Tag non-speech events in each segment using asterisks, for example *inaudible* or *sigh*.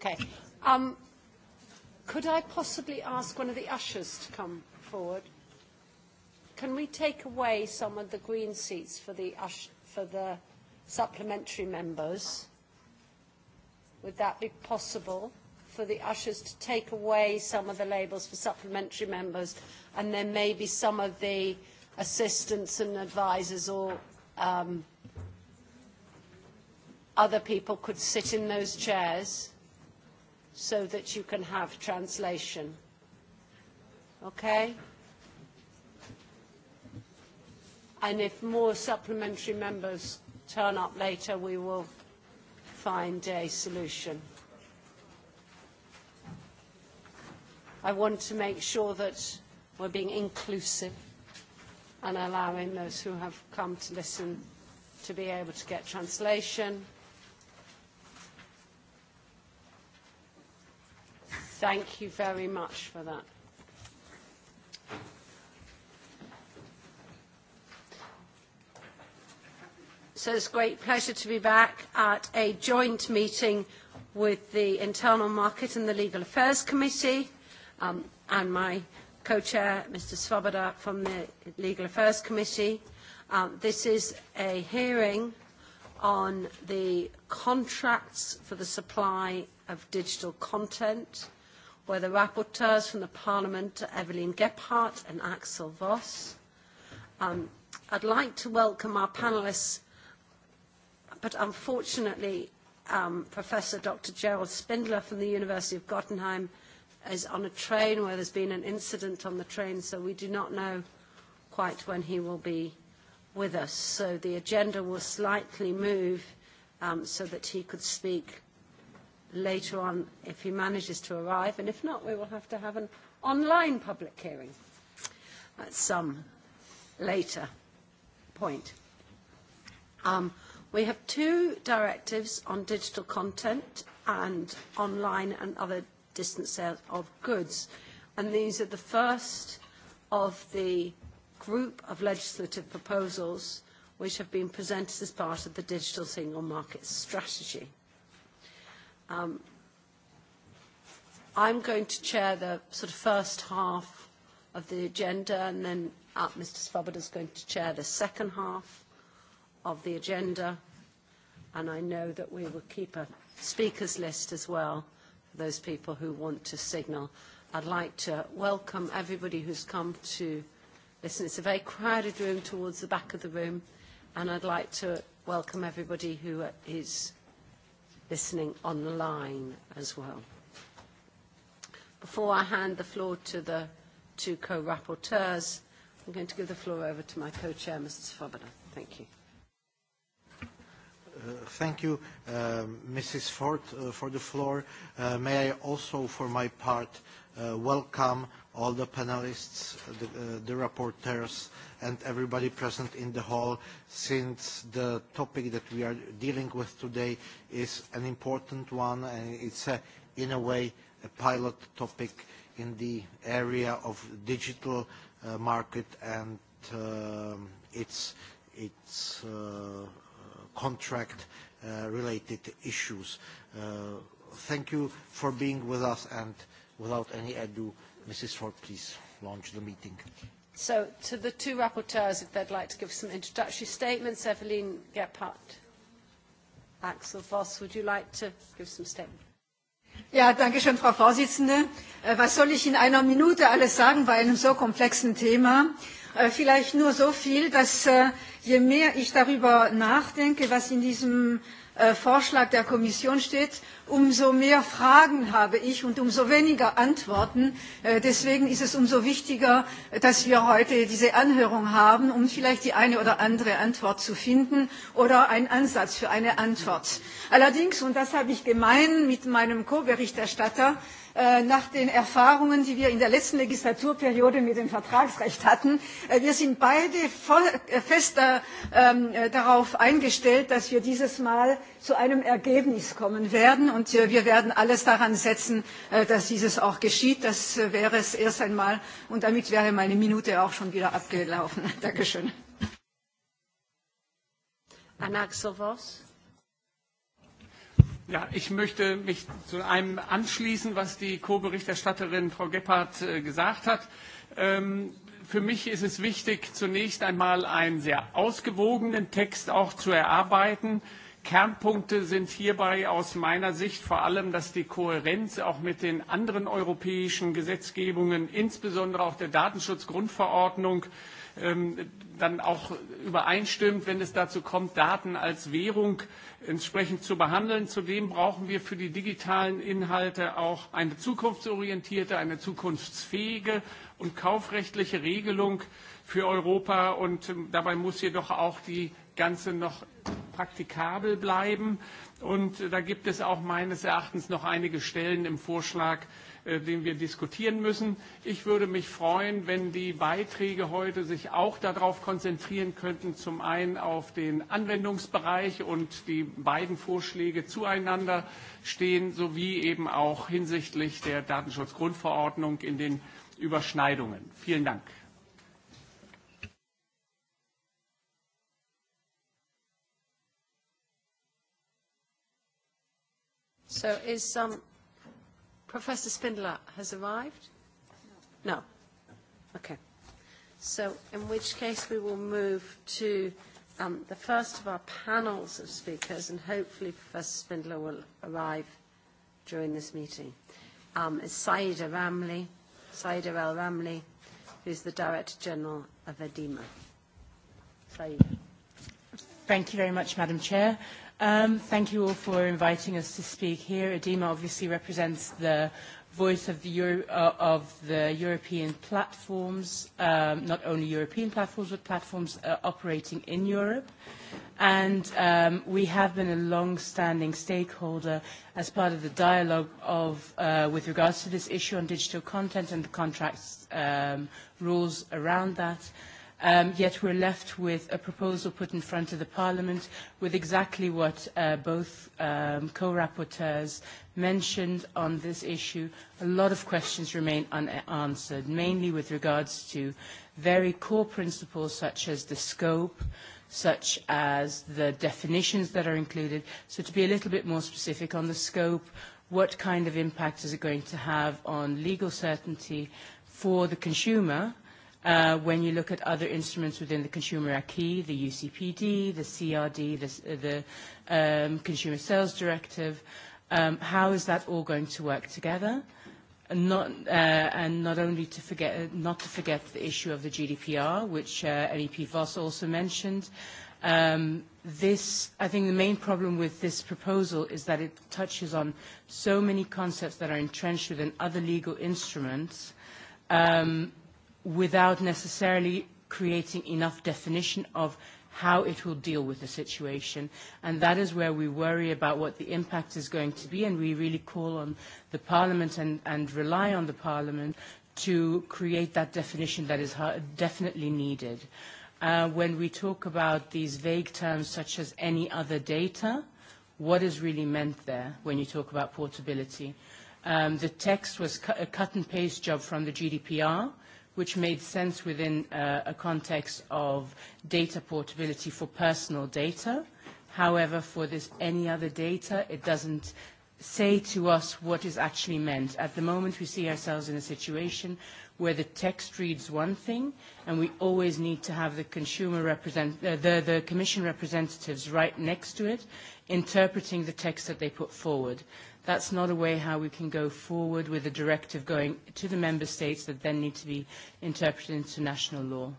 Okay. Um, could I possibly ask one of the ushers to come forward? Can we take away some of the green seats for the, ush for the supplementary members? Would that be possible for the ushers to take away some of the labels for supplementary members and then maybe some of the assistants and advisors or um, other people could sit in those chairs? so that you can have translation. Okay? And if more supplementary members turn up later, we will find a solution. I want to make sure that we're being inclusive and allowing those who have come to listen to be able to get translation Thank you very much for that. So it's a great pleasure to be back at a joint meeting with the Internal Market and the Legal Affairs Committee um, and my co-chair, Mr. Svoboda, from the Legal Affairs Committee. Um, this is a hearing on the contracts for the supply of digital content were the rapporteurs from the Parliament, Evelyn Gephardt and Axel Voss. Um, I'd like to welcome our panelists, but unfortunately, um, Professor Dr. Gerald Spindler from the University of Gottenheim is on a train where there's been an incident on the train, so we do not know quite when he will be with us. So the agenda will slightly move um, so that he could speak later on if he manages to arrive, and if not, we will have to have an online public hearing at some later point. Um, we have two directives on digital content and online and other distance sales of goods, and these are the first of the group of legislative proposals which have been presented as part of the digital single market strategy. Um, I'm going to chair the sort of first half of the agenda, and then uh, Mr. Svoboda is going to chair the second half of the agenda. And I know that we will keep a speakers list as well for those people who want to signal. I'd like to welcome everybody who's come to listen. It's a very crowded room towards the back of the room, and I'd like to welcome everybody who is listening online as well. Before I hand the floor to the two co-rapporteurs, I'm going to give the floor over to my co-chair, Mr. Svoboda. Thank you. Uh, thank you, uh, Mrs. Ford, uh, for the floor. Uh, may I also, for my part, uh, welcome all the panelists, the, uh, the rapporteurs, and everybody present in the hall, since the topic that we are dealing with today is an important one, and it's, a, in a way, a pilot topic in the area of digital uh, market and uh, its, its uh, contract-related uh, issues. Uh, thank you for being with us, and without any ado, uh, Mrs. Ford, please launch the meeting. So to the two rapporteurs, if they'd like to give some introductory statements, Evelyn Gephardt, Axel Voss, would you like to give some statements? Ja, danke schön, Frau Vorsitzende. Äh, was soll ich in einer Minute alles sagen bei einem so komplexen Thema? Äh, vielleicht nur so viel, dass äh, je mehr ich darüber nachdenke, was in diesem äh, Äh, Vorschlag der Kommission steht, umso mehr Fragen habe ich und umso weniger Antworten. Äh, deswegen ist es umso wichtiger, äh, dass wir heute diese Anhörung haben, um vielleicht die eine oder andere Antwort zu finden oder einen Ansatz für eine Antwort. Allerdings, und das habe ich gemein mit meinem Co-Berichterstatter, Äh, nach den Erfahrungen, die wir in der letzten Legislaturperiode mit dem Vertragsrecht hatten. Äh, wir sind beide voll, äh, fest ähm, darauf eingestellt, dass wir dieses Mal zu einem Ergebnis kommen werden. Und wir werden alles daran setzen, dass dieses auch geschieht. Das wäre es erst einmal. Und damit wäre meine Minute auch schon wieder abgelaufen. *laughs* Dankeschön. Anaxovos. Ja, ich möchte mich zu einem anschließen, was die Co-Berichterstatterin Frau Gebhardt äh, gesagt hat. Ähm, für mich ist es wichtig, zunächst einmal einen sehr ausgewogenen Text auch zu erarbeiten, äh, Kernpunkte sind hierbei aus meiner Sicht vor allem, dass die Kohärenz auch mit den anderen europäischen Gesetzgebungen, insbesondere auch der Datenschutzgrundverordnung, ähm, dann auch übereinstimmt, wenn es dazu kommt, Daten als Währung entsprechend zu behandeln. Zudem brauchen wir für die digitalen Inhalte auch eine zukunftsorientierte, eine zukunftsfähige und kaufrechtliche Regelung für Europa. Und ähm, dabei muss jedoch auch die Ganze noch praktikabel bleiben. Und äh, da gibt es auch meines Erachtens noch einige Stellen im Vorschlag, äh, den wir diskutieren müssen. Ich würde mich freuen, wenn die Beiträge heute sich auch darauf konzentrieren könnten, zum einen auf den Anwendungsbereich und die beiden Vorschläge zueinander stehen, sowie eben auch hinsichtlich der Datenschutzgrundverordnung in den Überschneidungen. Vielen Dank. So is um, Professor Spindler has arrived? No. no. Okay. So in which case we will move to um, the first of our panels of speakers, and hopefully Professor Spindler will arrive during this meeting. Um, is Saida Ramli, Saida El Ramli, who's the Director General of EDIMA. Saida. Thank you very much, Madam Chair. Um, thank you all for inviting us to speak here. Edema obviously represents the voice of the, Euro, uh, of the European platforms, um, not only European platforms, but platforms uh, operating in Europe. And um, we have been a long-standing stakeholder as part of the dialogue of, uh, with regards to this issue on digital content and the contracts um, rules around that. Uh, um, yet we're left with a proposal put in front of the Parliament with exactly what uh, both um, co-rapporteurs mentioned on this issue. A lot of questions remain unanswered, mainly with regards to very core principles such as the scope, such as the definitions that are included. So to be a little bit more specific on the scope, what kind of impact is it going to have on legal certainty for the consumer, Uh, when you look at other instruments within the consumer acquis, the UCPD, the CRD, the, the um, Consumer Sales Directive, um, how is that all going to work together? And not, uh, and not only to forget, not to forget the issue of the GDPR, which uh, MEP Voss also mentioned. Um, this, I think the main problem with this proposal is that it touches on so many concepts that are entrenched within other legal instruments, um, without necessarily creating enough definition of how it will deal with the situation. And that is where we worry about what the impact is going to be, and we really call on the Parliament and, and rely on the Parliament to create that definition that is definitely needed. Uh, when we talk about these vague terms such as any other data, what is really meant there when you talk about portability? Um, the text was cu a cut-and-paste job from the GDPR, which made sense within uh, a context of data portability for personal data. However, for this any other data, it doesn't say to us what is actually meant. At the moment, we see ourselves in a situation where the text reads one thing, and we always need to have the consumer represent, uh, the, the commission representatives right next to it, interpreting the text that they put forward. That's not a way how we can go forward with a directive going to the member states that then need to be interpreted into national law.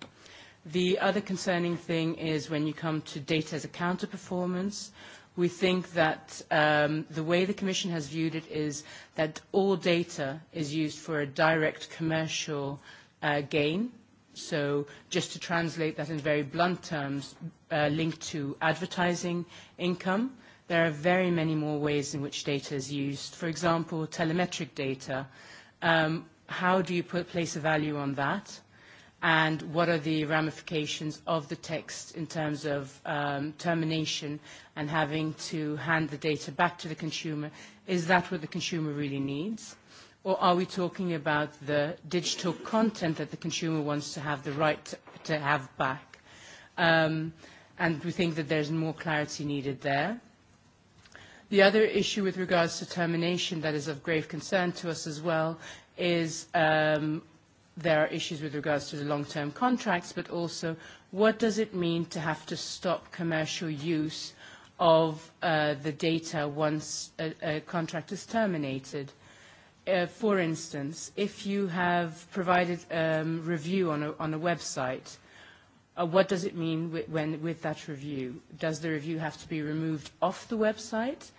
The other concerning thing is when you come to data as a counter-performance, we think that um, the way the Commission has viewed it is that all data is used for a direct commercial uh, gain. So just to translate that in very blunt terms, uh, linked to advertising income, there are very many more ways in which data is used. For example, telemetric data. Um, how do you put, place a value on that? and what are the ramifications of the text in terms of um, termination and having to hand the data back to the consumer. Is that what the consumer really needs? Or are we talking about the digital content that the consumer wants to have the right to, to have back? Um, and we think that there's more clarity needed there. The other issue with regards to termination that is of grave concern to us as well is um, there are issues with regards to the long-term contracts, but also what does it mean to have to stop commercial use of uh, the data once a, a contract is terminated? Uh, for instance, if you have provided a um, review on a, on a website, uh, what does it mean with, when, with that review? Does the review have to be removed off the website?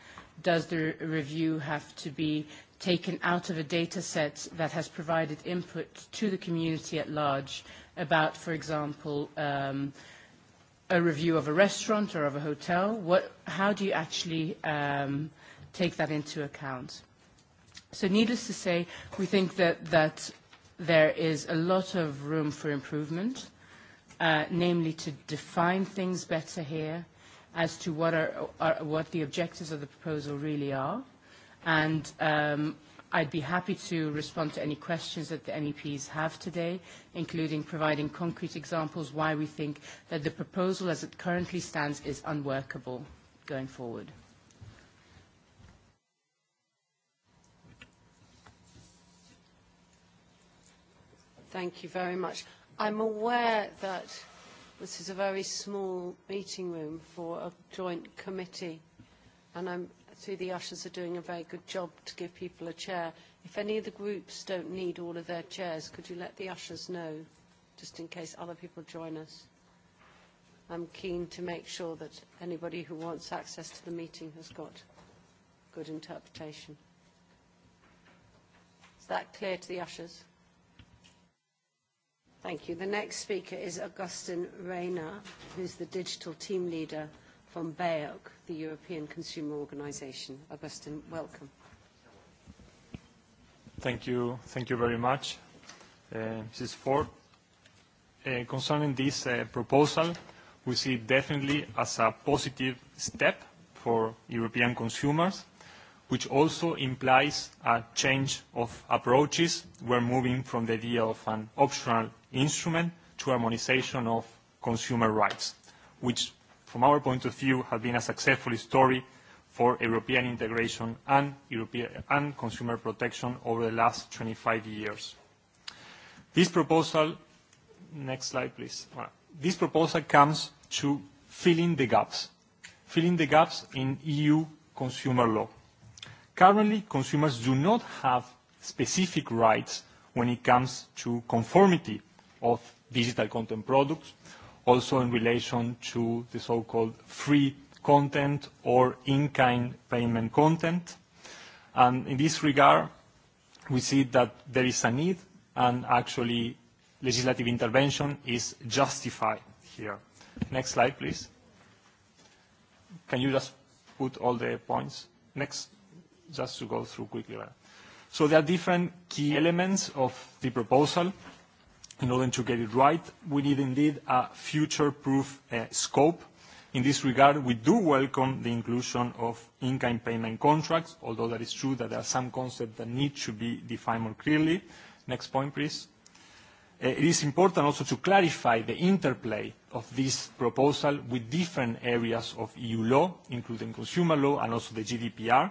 Does the review have to be taken out of a data set that has provided input to the community at large about, for example, um, a review of a restaurant or of a hotel? What, how do you actually um, take that into account? So needless to say, we think that, that there is a lot of room for improvement, uh, namely to define things better here as to what, are, are, what the objectives of the proposal really are. And um, I'd be happy to respond to any questions that the MEPs have today, including providing concrete examples why we think that the proposal as it currently stands is unworkable going forward. Thank you very much. I'm aware that this is a very small meeting room for a joint committee, and I'm through the ushers are doing a very good job to give people a chair. If any of the groups don't need all of their chairs, could you let the ushers know, just in case other people join us? I'm keen to make sure that anybody who wants access to the meeting has got good interpretation. Is that clear to the ushers? Thank you. The next speaker is Augustin Reyna, who's the digital team leader von BEOC, the European Consumer Organization. Augustin, welcome. Thank you. Thank you very much, uh, Mrs. Ford. Uh, concerning this uh, proposal, we see it definitely as a positive step for European consumers, which also implies a change of approaches. We're moving from the idea of an optional instrument to harmonization of consumer rights, which from our point of view, have been a successful story for European integration and, European, and consumer protection over the last 25 years. This proposal, next slide please. This proposal comes to filling the gaps, filling the gaps in EU consumer law. Currently, consumers do not have specific rights when it comes to conformity of digital content products also in relation to the so-called free content or in-kind payment content. And in this regard, we see that there is a need, and actually, legislative intervention is justified here. Next slide, please. Can you just put all the points? Next, just to go through quickly. So there are different key elements of the proposal in order to get it right, we need indeed a future-proof uh, scope. In this regard, we do welcome the inclusion of in-kind payment contracts, although that is true that there are some concepts that need to be defined more clearly. Next point, please. Uh, it is important also to clarify the interplay of this proposal with different areas of EU law, including consumer law and also the GDPR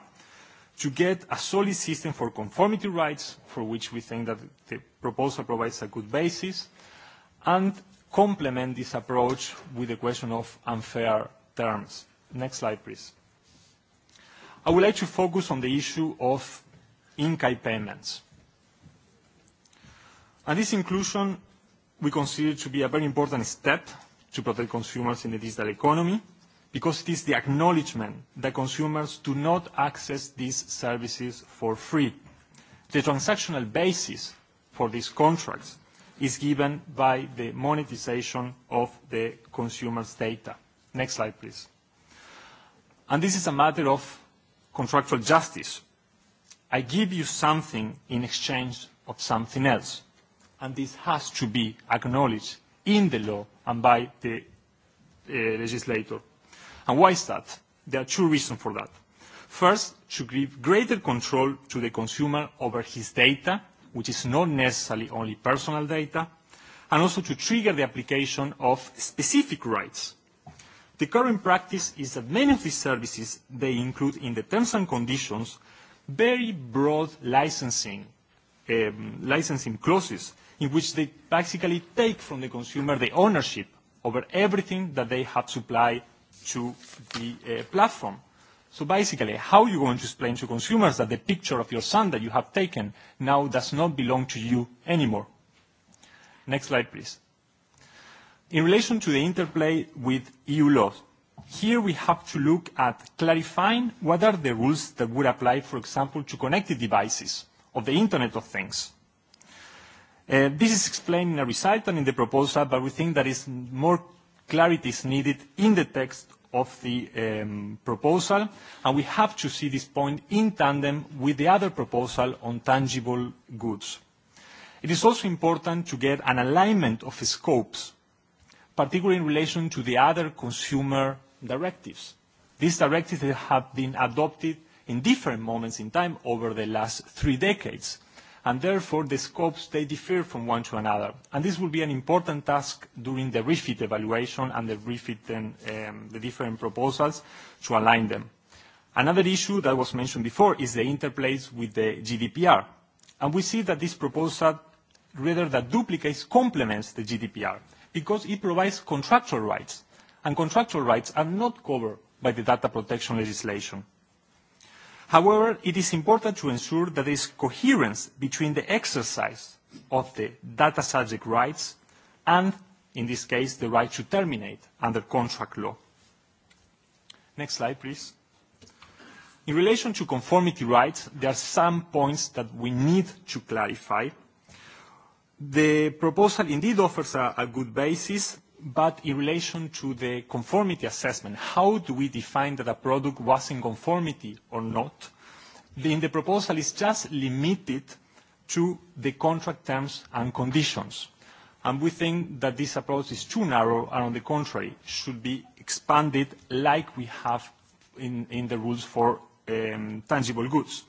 to get a solid system for conformity rights, for which we think that the proposal provides a good basis, and complement this approach with the question of unfair terms. Next slide, please. I would like to focus on the issue of in-kind payments. And this inclusion we consider to be a very important step to protect consumers in the digital economy, because it is the acknowledgement that consumers do not access these services for free. The transactional basis for these contracts is given by the monetization of the consumer's data. Next slide, please. And this is a matter of contractual justice. I give you something in exchange of something else, and this has to be acknowledged in the law and by the uh, legislator. And why is that? There are two reasons for that. First, to give greater control to the consumer over his data, which is not necessarily only personal data, and also to trigger the application of specific rights. The current practice is that many of these services, they include in the terms and conditions very broad licensing, um, licensing clauses in which they basically take from the consumer the ownership over everything that they have supplied to the uh, platform. So basically, how are you going to explain to consumers that the picture of your son that you have taken now does not belong to you anymore? Next slide, please. In relation to the interplay with EU laws, here we have to look at clarifying what are the rules that would apply, for example, to connected devices of the Internet of Things. Uh, this is explained in a recital in the proposal, but we think that is more clarity is needed in the text of the um, proposal, and we have to see this point in tandem with the other proposal on tangible goods. It is also important to get an alignment of scopes, particularly in relation to the other consumer directives. These directives have been adopted in different moments in time over the last three decades and therefore the scopes, they differ from one to another. And this will be an important task during the refit evaluation and the refit and um, um, the different proposals to align them. Another issue that was mentioned before is the interplays with the GDPR. And we see that this proposal, rather than duplicates, complements the GDPR because it provides contractual rights, and contractual rights are not covered by the data protection legislation. However, it is important to ensure that there is coherence between the exercise of the data subject rights and, in this case, the right to terminate under contract law. Next slide, please. In relation to conformity rights, there are some points that we need to clarify. The proposal indeed offers a, a good basis but in relation to the conformity assessment, how do we define that a product was in conformity or not? The, in the proposal is just limited to the contract terms and conditions. And we think that this approach is too narrow and on the contrary, should be expanded like we have in, in the rules for um, tangible goods.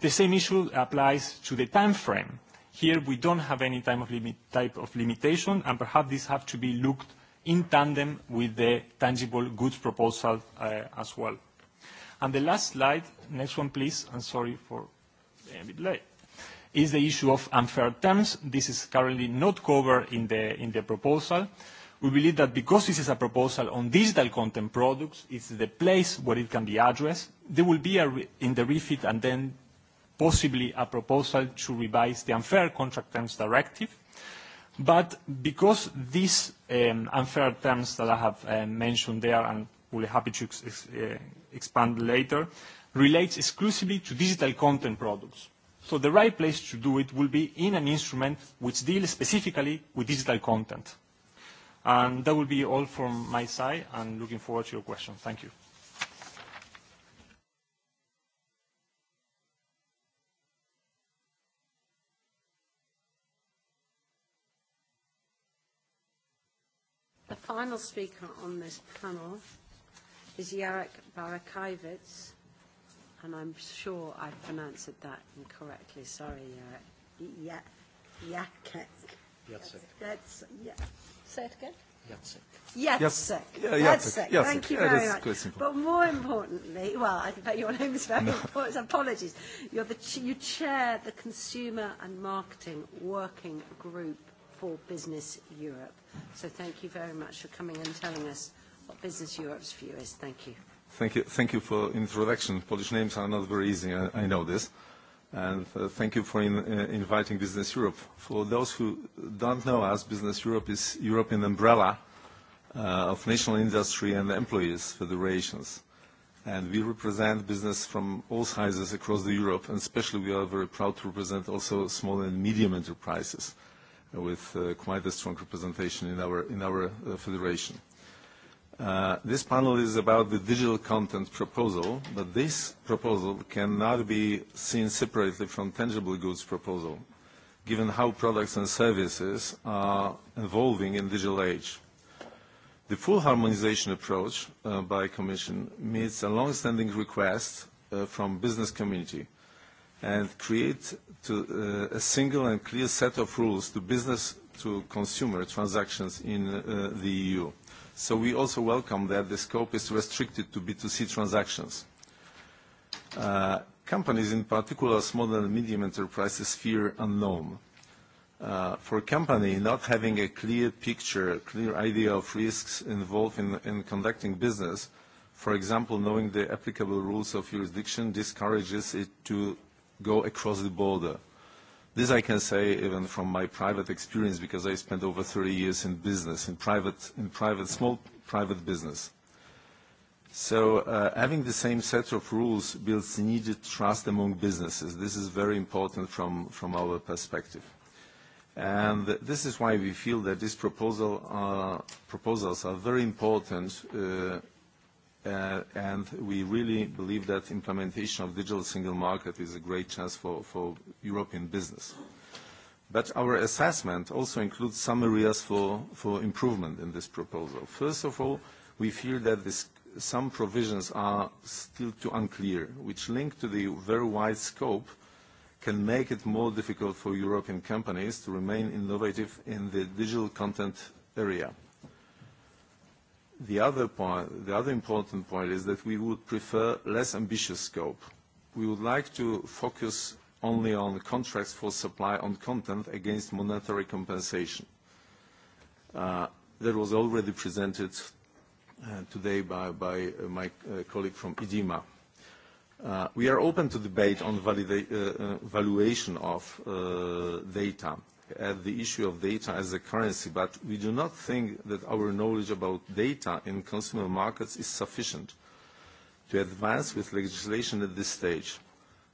The same issue applies to the time frame. Uh, Here we don't have any type of, limit, type of limitation, and perhaps this have to be looked in tandem with the tangible goods proposal uh, as well. And the last slide, next one please, I'm sorry for being a bit late, is the issue of unfair terms. This is currently not covered in the, in the proposal. We believe that because this is a proposal on digital content products, it's the place where it can be addressed. There will be a re in the refit and then possibly a proposal to revise the Unfair Contract Terms Directive. But because these um, unfair terms that I have uh, mentioned there, and we'll be happy to ex uh, expand later, relates exclusively to digital content products. So the right place to do it will be in an instrument which deals specifically with digital content. And that will be all from my side, and looking forward to your questions. Thank you. final speaker on this panel is Jarek Barakivitz, and I'm sure I pronounced that incorrectly. Sorry, Jarek. Yeah, Jacek. Jacek. That's yeah. Say it again. Jacek. Jacek. Jacek. Jacek. Thank you very yeah, much. But more importantly, well, I bet your name is very no. important. Apologies. You're the ch- you chair the Consumer and Marketing Working Group for Business Europe. So thank you very much for coming and telling us what Business Europe's view is. Thank you. Thank you, thank you for introduction. Polish names are not very easy, I, I know this. And uh, thank you for in, uh, inviting Business Europe. For those who don't know us, Business Europe is European umbrella uh, of national industry and employees federations. And we represent business from all sizes across the Europe, and especially we are very proud to represent also small and medium enterprises. Uh, with uh, quite a strong representation in our, in our uh, federation. Uh, this panel is about the digital content proposal, but this proposal cannot be seen separately from tangible goods proposal, given how products and services are evolving in digital age. The full harmonization approach uh, by Commission meets a long-standing request uh, from business community uh, and create to, uh, a single and clear set of rules to business to consumer transactions in uh, the EU. So we also welcome that the scope is restricted to B2C transactions. Uh, companies, in particular small and medium enterprises, fear unknown. Uh, for a company, not having a clear picture, a clear idea of risks involved in, in conducting business, for example, knowing the applicable rules of jurisdiction discourages it to go across the border. This I can say even from my private experience because I spent over 30 years in business, in private, in private small private business. So uh, having the same set of rules builds needed trust among businesses. This is very important from, from our perspective. And this is why we feel that these proposal are, uh, proposals are very important uh, Uh, and we really believe that implementation of digital single market is a great chance for, for European business. But our assessment also includes some areas for, for improvement in this proposal. First of all, we feel that this, some provisions are still too unclear, which link to the very wide scope can make it more difficult for European companies to remain innovative in the digital content area. The other point, the other important point is that we would prefer less ambitious scope. We would like to focus only on contracts for supply on content against monetary compensation. Uh, that was already presented uh, today by, by uh, my uh, colleague from IDIMA. Uh, we are open to debate on valida, uh, valuation of data at the issue of data as a currency, but we do not think that our knowledge about data in consumer markets is sufficient to advance with legislation at this stage.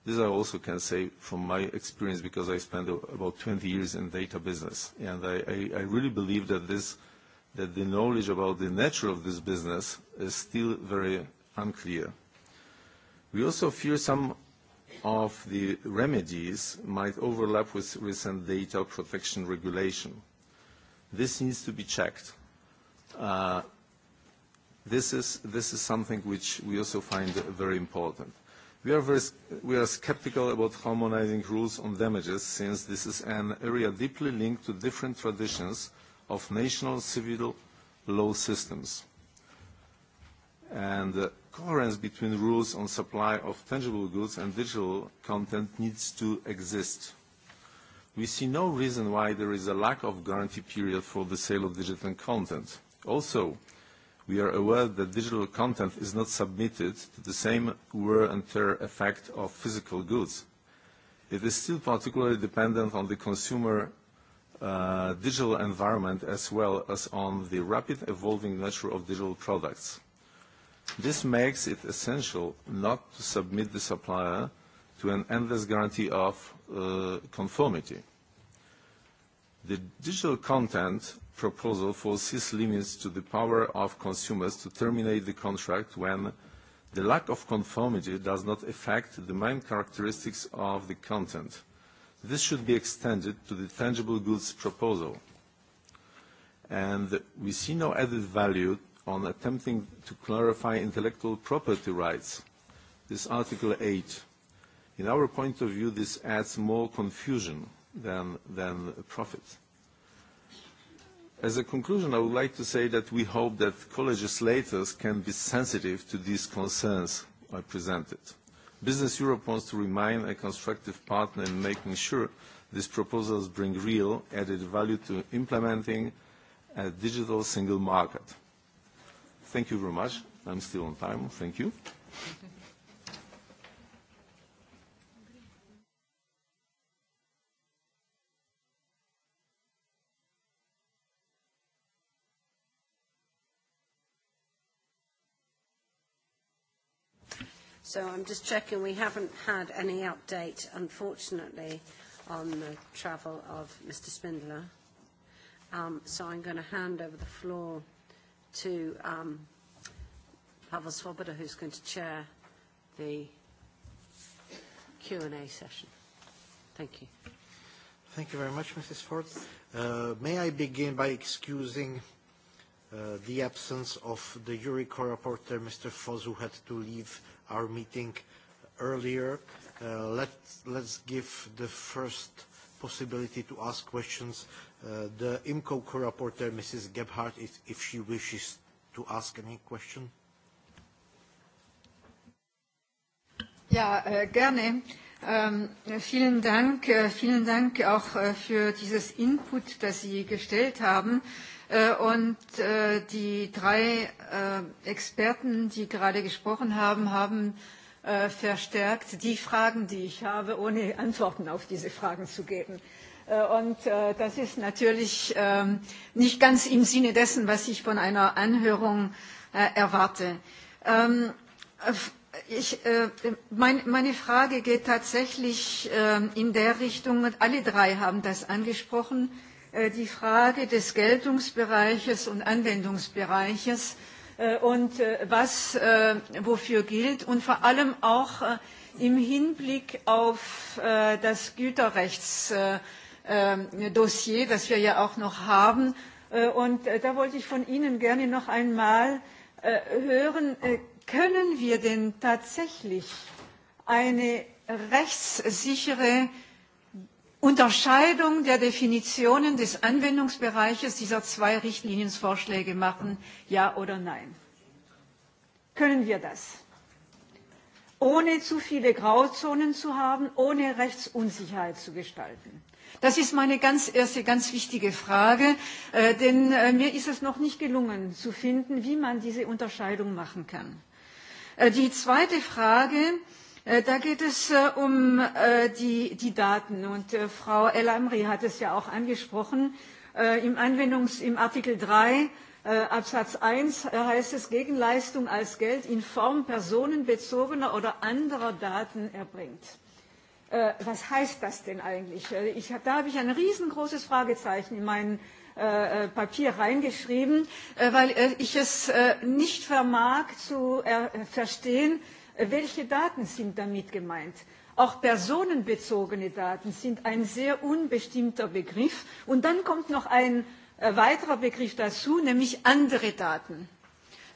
This I also can say from my experience because I spent about 20 years in data business. And I, I, I really believe that, this, that the knowledge about the nature of this business is still very unclear. We also fear some of the remedies might overlap with recent data protection regulation. This needs to be checked. Uh, this, is, this is something which we also find very important. We are, very, we are skeptical about harmonizing rules on damages since this is an area deeply linked to different traditions of national civil law systems. And uh, coherence between rules on supply of tangible goods and digital content needs to exist. We see no reason why there is a lack of guarantee period for the sale of digital content. Also, we are aware that digital content is not submitted to the same wear and tear effect of physical goods. It is still particularly dependent on the consumer uh, digital environment as well as on the rapid evolving nature of digital products. This makes it essential not to submit the supplier to an endless guarantee of uh, conformity. The digital content proposal foresees limits to the power of consumers to terminate the contract when the lack of conformity does not affect the main characteristics of the content. This should be extended to the tangible goods proposal. And we see no added value on attempting to clarify intellectual property rights. This Article 8. In our point of view, this adds more confusion than, than profit. As a conclusion, I would like to say that we hope that co-legislators can be sensitive to these concerns I presented. Business Europe wants to remain a constructive partner in making sure these proposals bring real added value to implementing a digital single market. Thank you very much. I'm still on time. Thank you. So I'm just checking. We haven't had any update, unfortunately, on the travel of Mr. Spindler. Um, so I'm going to hand over the floor to um, Pavel Svoboda, who's going to chair the Q&A session. Thank you. Thank you very much, Mrs. Ford. Uh, may I begin by excusing uh, the absence of the Eureka reporter, Mr. Foss, who had to leave our meeting earlier. Uh, let, let's give the first possibility to ask questions. Uh, the IMCO co-rapporteur, Mrs. Gebhardt, if, if she wishes to ask any question. Ja, äh, gerne. Ähm, vielen Dank. Äh, vielen Dank auch äh, für dieses Input, das Sie gestellt haben. Äh, und äh, die drei äh, Experten, die gerade gesprochen haben, haben äh, äh, verstärkt die Fragen, die ich habe, ohne Antworten auf diese Fragen zu geben. Äh, und äh, das ist natürlich ähm, nicht ganz im Sinne dessen, was ich von einer Anhörung äh, erwarte. Ähm, ich, äh, mein, meine Frage geht tatsächlich äh, in der Richtung, und alle drei haben das angesprochen, äh, die Frage des Geltungsbereiches und Anwendungsbereiches äh, Äh, und äh, was äh, wofür gilt und vor allem auch im Hinblick auf das Güterrechtsdossier, das wir ja auch noch haben. Und da wollte ich von Ihnen gerne noch einmal hören, können wir denn tatsächlich eine rechtssichere Unterscheidung der Definitionen des Anwendungsbereiches dieser zwei Richtlinienvorschläge machen, ja oder nein. Können wir das? Ohne zu viele Grauzonen zu haben, ohne Rechtsunsicherheit zu gestalten. Das ist meine ganz erste, ganz wichtige Frage, äh, denn äh, mir ist es noch nicht gelungen zu finden, wie man diese Unterscheidung machen kann. Äh, die zweite Frage äh, Äh, da geht es äh, um äh, die, die Daten und Frau El Amri hat es ja auch angesprochen. Im Anwendungs, im Artikel 3 Absatz 1 heißt es Gegenleistung als Geld in Form personenbezogener oder anderer Daten erbringt. Was heißt das denn eigentlich? Ich, da habe ich ein riesengroßes Fragezeichen in meinen Papier reingeschrieben, weil ich es nicht vermag zu verstehen, Welche Daten sind damit gemeint? Auch personenbezogene Daten sind ein sehr unbestimmter Begriff. Und dann kommt noch ein äh, weiterer Begriff dazu, nämlich andere Daten.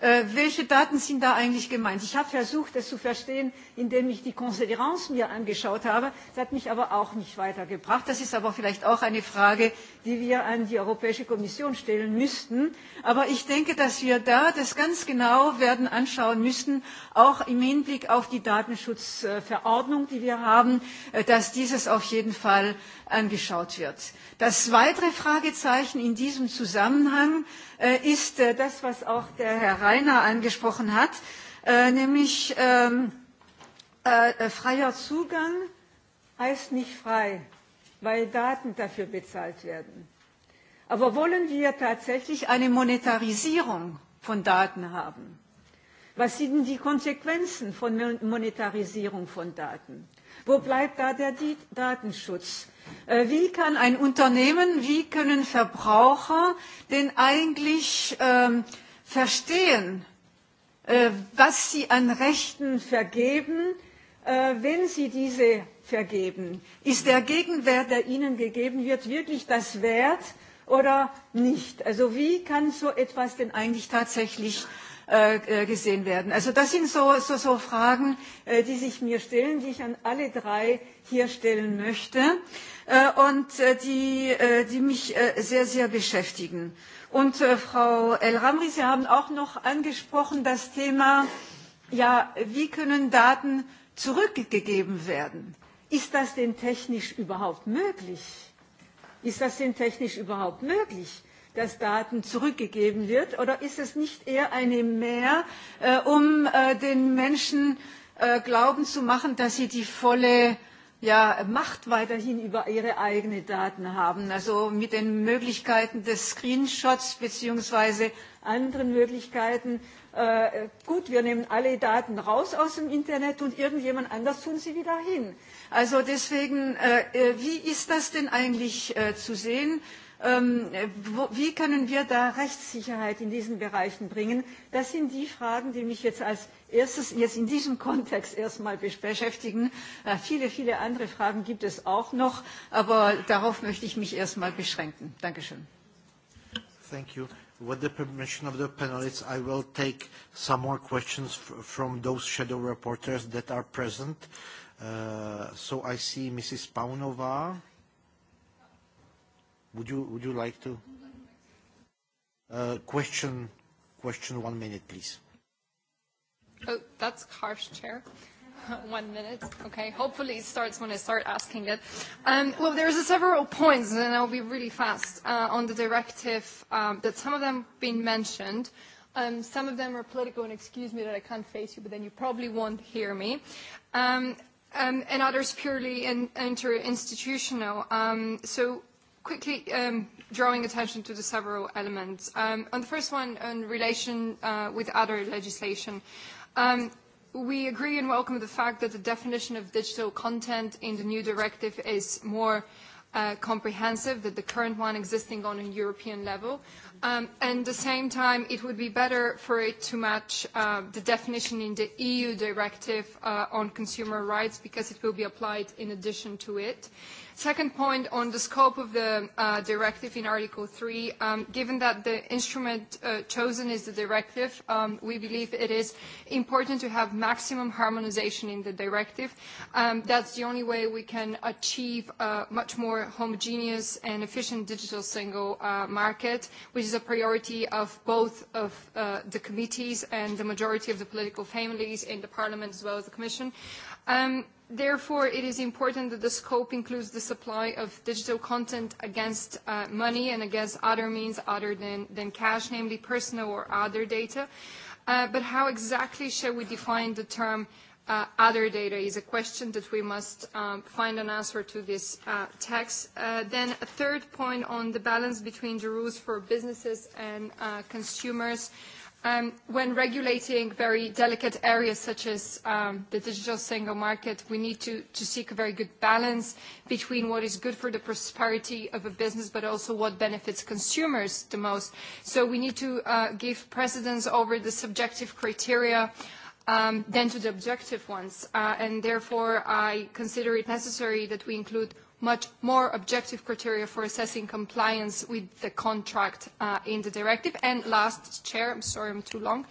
Äh, welche Daten sind da eigentlich gemeint? Ich habe versucht, das zu verstehen, indem ich die Konsideranz mir angeschaut habe. Das hat mich aber auch nicht weitergebracht. Das ist aber vielleicht auch eine Frage, die wir an die Europäische Kommission stellen müssten. Aber ich denke, dass wir da das ganz genau werden anschauen müssen, auch im Hinblick auf die Datenschutzverordnung, die wir haben, äh, dass dieses auf jeden Fall angeschaut wird. Das weitere Fragezeichen in diesem Zusammenhang äh, Äh, ist äh, das, was auch der Herr Reiner angesprochen hat, äh, nämlich ähm, freier Zugang heißt nicht frei, weil Daten dafür bezahlt werden. Aber wollen wir tatsächlich eine Monetarisierung von Daten haben? Was sind die Konsequenzen von Monetarisierung von Daten? Wo bleibt da der Datenschutz? Äh, wie kann ein Unternehmen, wie können Verbraucher denn eigentlich ähm, verstehen, äh, was sie an Rechten vergeben, äh, wenn sie diese vergeben? Ist der Gegenwert, der ihnen gegeben wird, wirklich das wert oder nicht? Also wie kann so etwas denn eigentlich tatsächlich äh, äh gesehen werden? Also das sind so, so, so Fragen, äh, die sich mir stellen, die ich an alle drei hier stellen möchte. Äh, Äh, und äh, die, äh, die mich sehr, sehr beschäftigen. Und Frau El Ramri, Sie haben auch noch angesprochen das Thema, ja, wie können Daten zurückgegeben werden? Ist das denn technisch überhaupt möglich? Ist das denn technisch überhaupt möglich? dass Daten zurückgegeben wird? Oder ist es nicht eher eine Mehr, äh, um äh, den Menschen äh, glauben zu machen, dass sie die volle ja, Macht weiterhin über ihre eigenen Daten haben. Also mit den Möglichkeiten des Screenshots beziehungsweise anderen Möglichkeiten. Äh, gut, wir nehmen alle Daten raus aus dem Internet und irgendjemand anders tun sie wieder hin. Also deswegen, äh, äh wie ist das denn eigentlich äh, zu sehen? Ähm, wo, wie können wir da Rechtssicherheit in diesen Bereichen bringen? Das sind die Fragen, die mich jetzt als erstes jetzt in diesem Kontext erstmal beschäftigen. Äh, viele, viele andere Fragen gibt es auch noch, aber darauf möchte ich mich erstmal beschränken. Dankeschön. Thank you. With the permission of the panelists, I will take some more questions from those shadow reporters that are present. Uh, so I see Mrs. Paunova. Would you, would you like to? Uh, question, question one minute, please. Oh, that's harsh, Chair. *laughs* One minute. Okay. Hopefully it starts when I start asking it. Um, well, there's a several points, and I'll be really fast, uh, on the directive, um, that some of them have been mentioned. Um, some of them are political, and excuse me that I can't face you, but then you probably won't hear me. Um, um, and others purely in, interinstitutional. Um, so quickly um, drawing attention to the several elements. Um, on the first one, in relation uh, with other legislation, uh, Um, we agree and welcome the fact that the definition of digital content in the new directive is more uh, comprehensive than the current one existing on a European level. Um, and at the same time, it would be better for it to match uh, the definition in the EU directive uh, on consumer rights because it will be applied in addition to it. Uh, Second point on the scope of the uh, directive in Article 3, um, given that the instrument uh, chosen is the directive, um, we believe it is important to have maximum harmonization in the directive. Um, that's the only way we can achieve a much more homogeneous and efficient digital single uh, market, which is a priority of both of uh, the committees and the majority of the political families in the Parliament as well as the Commission. Um, Therefore, it is important that the scope includes the supply of digital content against uh, money and against other means other than, than cash, namely personal or other data. Uh, but how exactly shall we define the term uh, other data is a question that we must um, find an answer to this uh, text. Uh, then a third point on the balance between the rules for businesses and uh, consumers. Uh, Um, when regulating very delicate areas such as um, the digital single market, we need to, to seek a very good balance between what is good for the prosperity of a business, but also what benefits consumers the most. So we need to uh, give precedence over the subjective criteria um, than to the objective ones. Uh, and therefore, I consider it necessary that we include much more objective criteria for assessing compliance with the contract uh, in the directive. And last, Chair, I'm sorry I'm too long.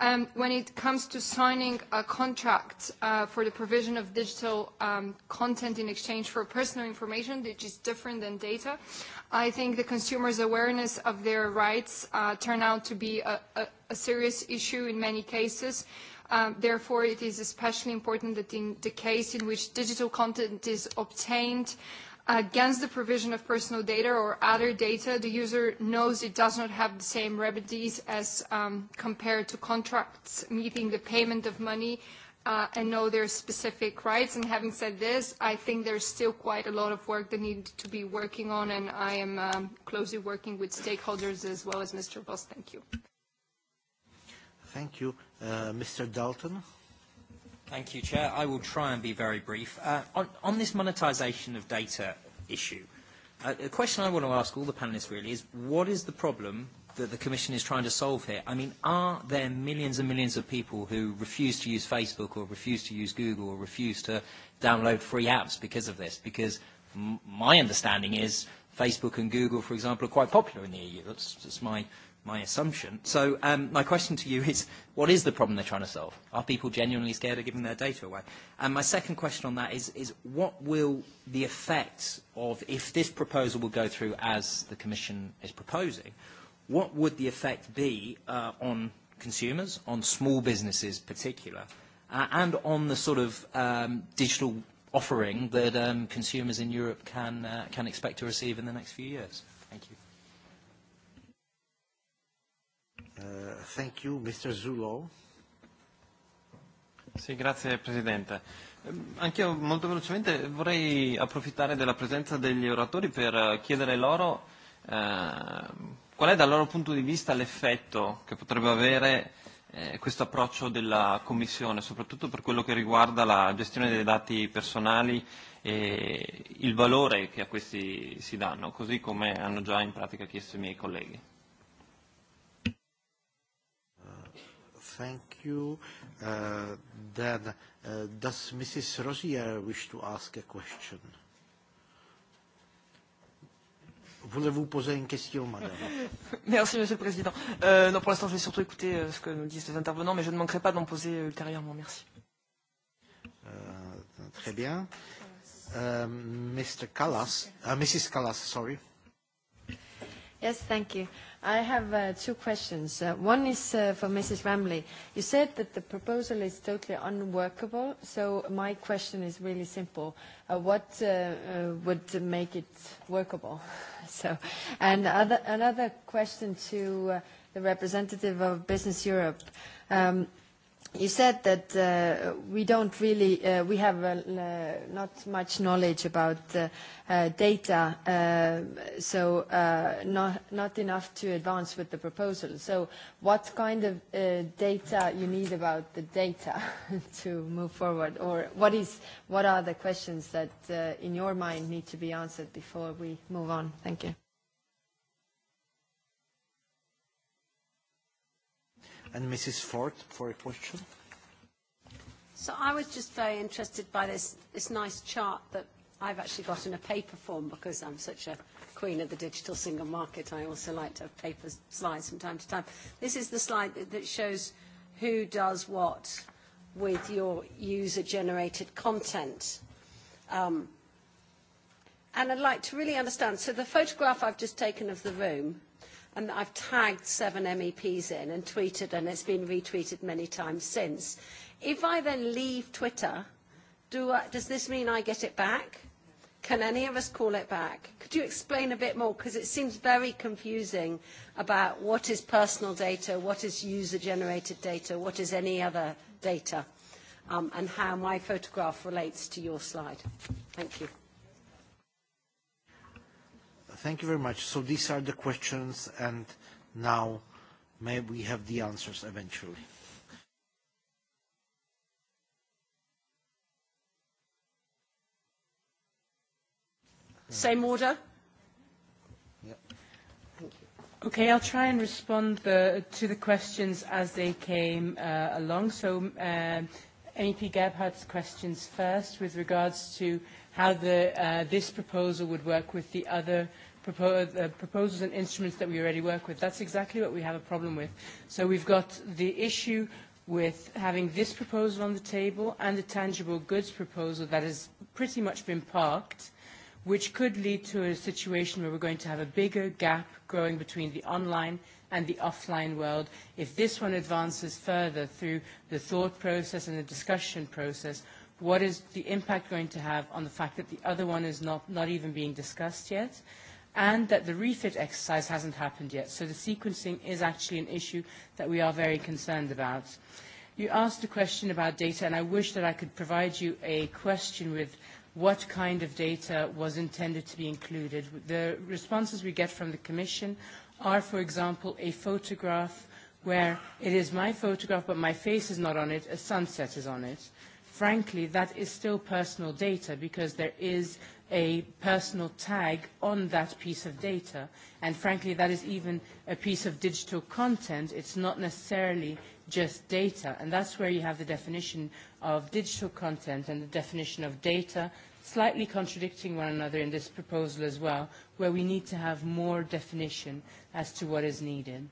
Um, when it comes to signing a contract uh, for the provision of digital um, content in exchange for personal information, which is different than data, I think the consumers' awareness of their rights uh, turn out to be a, a, a serious issue in many cases. Uh, Um, therefore, it is especially important that in the case in which digital content is obtained against the provision of personal data or other data, the user knows it does not have the same remedies as um, compared to contracts meeting the payment of money uh, and know their specific rights. And having said this, I think there's still quite a lot of work that needs to be working on, and I am um, closely working with stakeholders as well as Mr. Voss. Thank you. Thank you. Uh, Mr. Dalton? Thank you, Chair. I will try and be very brief. Uh, on, on this monetization of data issue, uh, the question I want to ask all the panelists really is, what is the problem that the Commission is trying to solve here? I mean, are there millions and millions of people who refuse to use Facebook or refuse to use Google or refuse to download free apps because of this? Because m my understanding is Facebook and Google, for example, are quite popular in the EU. That's, that's my my assumption. So um, my question to you is, what is the problem they're trying to solve? Are people genuinely scared of giving their data away? And my second question on that is, is what will the effects of, if this proposal will go through as the Commission is proposing, what would the effect be uh, on consumers, on small businesses particular, uh, and on the sort of um, digital offering that um, consumers in Europe can, uh, can expect to receive in the next few years? Thank you. Uh, thank you, Mr. Zullo. Sì, grazie Presidente. Eh, anch'io molto velocemente vorrei approfittare della presenza degli oratori per chiedere loro eh, qual è dal loro punto di vista l'effetto che potrebbe avere eh, questo approccio della Commissione, soprattutto per quello che riguarda la gestione dei dati personali e il valore che a questi si danno, così come hanno già in pratica chiesto i miei colleghi. Thank you. Uh, then, uh, does Mrs. Rosier wish to ask a question? Voulez-vous poser une question, madame *laughs* Merci, monsieur le président. Euh, non, pour l'instant, je vais surtout écouter euh, ce que nous disent les intervenants, mais je ne manquerai pas d'en poser euh, ultérieurement. Merci. Euh, très bien. Euh, Mr. Callas, uh, Mrs. Callas, sorry. Euh, Yes, thank you. I have uh, two questions. Uh, one is uh, for Mrs. Ramley. You said that the proposal is totally unworkable, so my question is really simple. Uh, what uh, uh, would make it workable? *laughs* so, and other, another question to uh, the representative of Business Europe. Um, You said that uh, we don't really, uh, we have uh, uh not much knowledge about uh, data, uh, so not, not enough to advance with the proposal. So what kind of data you need about the data *laughs* to move forward? Or what, is, what are the questions that in your mind need to be answered before we move on? Thank you. and Mrs. Ford for a question. So I was just very interested by this, this nice chart that I've actually got in a paper form because I'm such a queen of the digital single market. I also like to have paper slides from time to time. This is the slide that, that shows who does what with your user-generated content. Um, and I'd like to really understand. So the photograph I've just taken of the room – and I've tagged seven MEPs in and tweeted, and it's been retweeted many times since. If I then leave Twitter, do I, does this mean I get it back? Can any of us call it back? Could you explain a bit more? Because it seems very confusing about what is personal data, what is user-generated data, what is any other data, um, and how my photograph relates to your slide. Thank you. Thank you very much. So these are the questions, and now may we have the answers eventually. Same order? Yep. Thank you. Okay, I'll try and respond the, to the questions as they came uh, along. So, um, uh, MEP Gebhardt's questions first with regards to how the, uh, this proposal would work with the other uh, propose, uh, uh, proposals and instruments that we already work with. That's exactly what we have a problem with. So we've got the issue with having this proposal on the table and the tangible goods proposal that has pretty much been parked, which could lead to a situation where we're going to have a bigger gap growing between the online and the offline world. If this one advances further through the thought process and the discussion process, what is the impact going to have on the fact that the other one is not, not even being discussed yet? Uh, and that the refit exercise hasn't happened yet. So the sequencing is actually an issue that we are very concerned about. You asked a question about data, and I wish that I could provide you a question with what kind of data was intended to be included. The responses we get from the Commission are, for example, a photograph where it is my photograph, but my face is not on it, a sunset is on it. Frankly, that is still personal data because there is a personal tag on that piece of data. And frankly, that is even a piece of digital content. It's not necessarily just data. And that's where you have the definition of digital content and the definition of data slightly contradicting one another in this proposal as well, where we need to have more definition as to what is needed.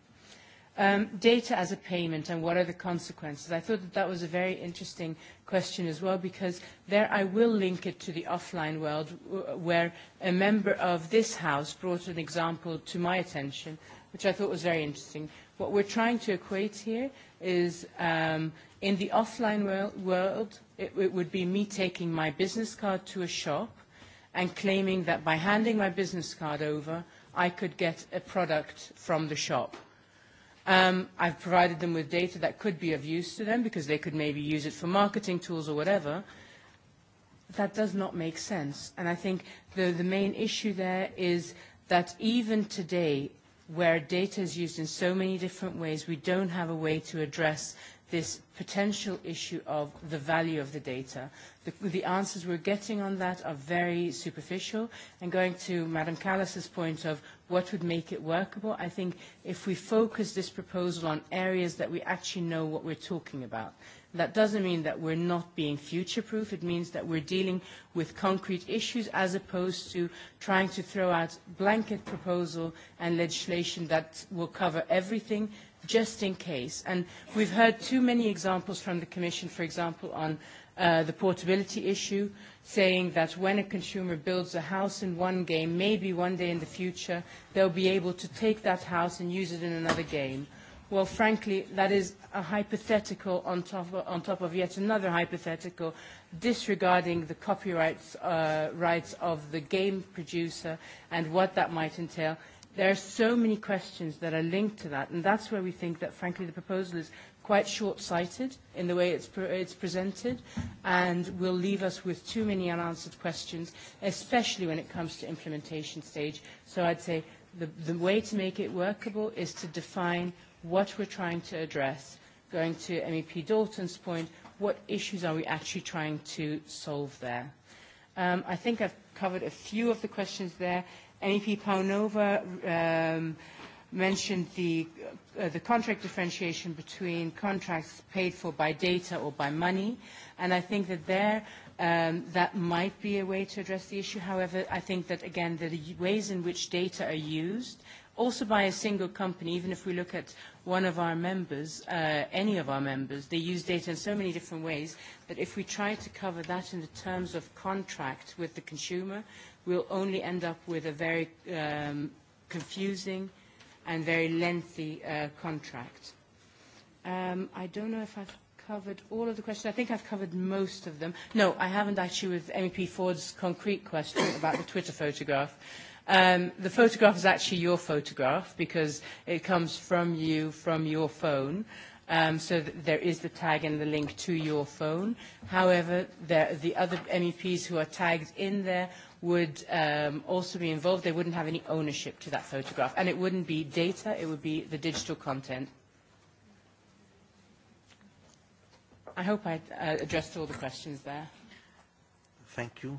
Um, data as a payment and what are the consequences? I thought that that was a very interesting question as well because there I will link it to the offline world where a member of this House brought an example to my attention which I thought was very interesting. What we're trying to equate here is um, in the offline world, world it, it would be me taking my business card to a shop and claiming that by handing my business card over, I could get a product from the shop Um, I've provided them with data that could be of use to them because they could maybe use it for marketing tools or whatever. That does not make sense. And I think the, the main issue there is that even today, where data is used in so many different ways, we don't have a way to address this potential issue of the value of the data. The, the answers we're getting on that are very superficial. And going to Madam Callas's point of what would make it workable. I think if we focus this proposal on areas that we actually know what we're talking about, that doesn't mean that we're not being future-proof. It means that we're dealing with concrete issues as opposed to trying to throw out blanket proposal and legislation that will cover everything just in case. And we've heard too many examples from the Commission, for example, on uh, uh, the portability issue, saying that when a consumer builds a house in one game, maybe one day in the future, they'll be able to take that house and use it in another game. Well, frankly, that is a hypothetical on top of, on top of yet another hypothetical, disregarding the copyrights uh, rights of the game producer and what that might entail. There are so many questions that are linked to that, and that's where we think that, frankly, the proposal is quite short-sighted in the way it's, pre it's presented and will leave us with too many unanswered questions, especially when it comes to implementation stage. So I'd say the, the way to make it workable is to define what we're trying to address. Going to MEP Dalton's point, what issues are we actually trying to solve there? Um, I think I've covered a few of the questions there. MEP Paunova um, mentioned the, uh, the contract differentiation between contracts paid for by data or by money, and I think that there um, that might be a way to address the issue. However, I think that, again, the ways in which data are used, also by a single company, even if we look at one of our members, uh, any of our members, they use data in so many different ways that if we try to cover that in the terms of contract with the consumer, we'll only end up with a very um, confusing – and very lengthy uh, contract. Um, I don't know if I've covered all of the questions. I think I've covered most of them. No, I haven't actually with MEP Ford's concrete question about the Twitter photograph. Um, the photograph is actually your photograph because it comes from you, from your phone. Uh, um, so that there is the tag and the link to your phone. However, the, the other MEPs who are tagged in there would um, also be involved. They wouldn't have any ownership to that photograph. And it wouldn't be data, it would be the digital content. I hope I uh, addressed all the questions there. Thank you.